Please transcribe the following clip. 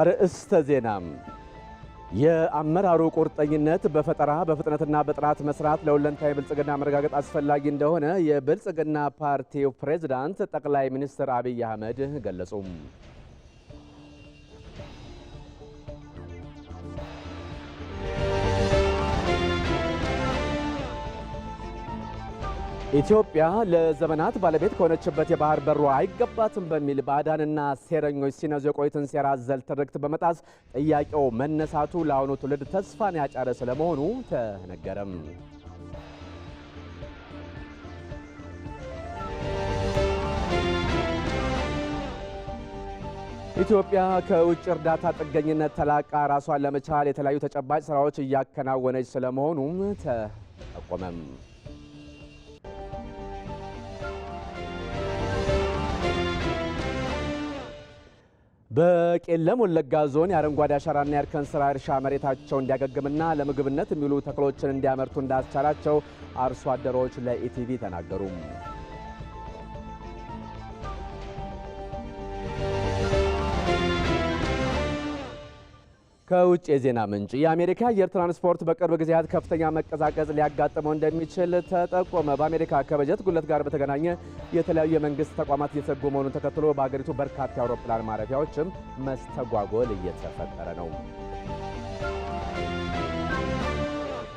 አርዕስተ ዜና የአመራሩ ቁርጠኝነት በፈጠራ በፍጥነትና በጥራት መስራት ለሁለንታዊ ብልጽግና መረጋገጥ አስፈላጊ እንደሆነ የብልጽግና ፓርቲው ፕሬዝዳንት ጠቅላይ ሚኒስትር አብይ አህመድ ገለጹ። ኢትዮጵያ ለዘመናት ባለቤት ከሆነችበት የባህር በሩ አይገባትም በሚል ባዕዳንና ሴረኞች ሲነዙ የቆዩትን ሴራ ዘል ትርክት በመጣስ ጥያቄው መነሳቱ ለአሁኑ ትውልድ ተስፋን ያጫረ ስለመሆኑ ተነገረም። ኢትዮጵያ ከውጭ እርዳታ ጥገኝነት ተላቃ ራሷን ለመቻል የተለያዩ ተጨባጭ ስራዎች እያከናወነች ስለመሆኑም ተጠቆመም። በቄለም ወለጋ ዞን የአረንጓዴ አሻራና የእርከን ስራ እርሻ መሬታቸው እንዲያገግምና ለምግብነት የሚውሉ ተክሎችን እንዲያመርቱ እንዳስቻላቸው አርሶ አደሮች ለኢቲቪ ተናገሩም ከውጭ የዜና ምንጭ የአሜሪካ አየር ትራንስፖርት በቅርብ ጊዜያት ከፍተኛ መቀዛቀዝ ሊያጋጥመው እንደሚችል ተጠቆመ። በአሜሪካ ከበጀት ጉለት ጋር በተገናኘ የተለያዩ የመንግስት ተቋማት እየሰጉ መሆኑን ተከትሎ በአገሪቱ በርካታ የአውሮፕላን ማረፊያዎችም መስተጓጎል እየተፈጠረ ነው።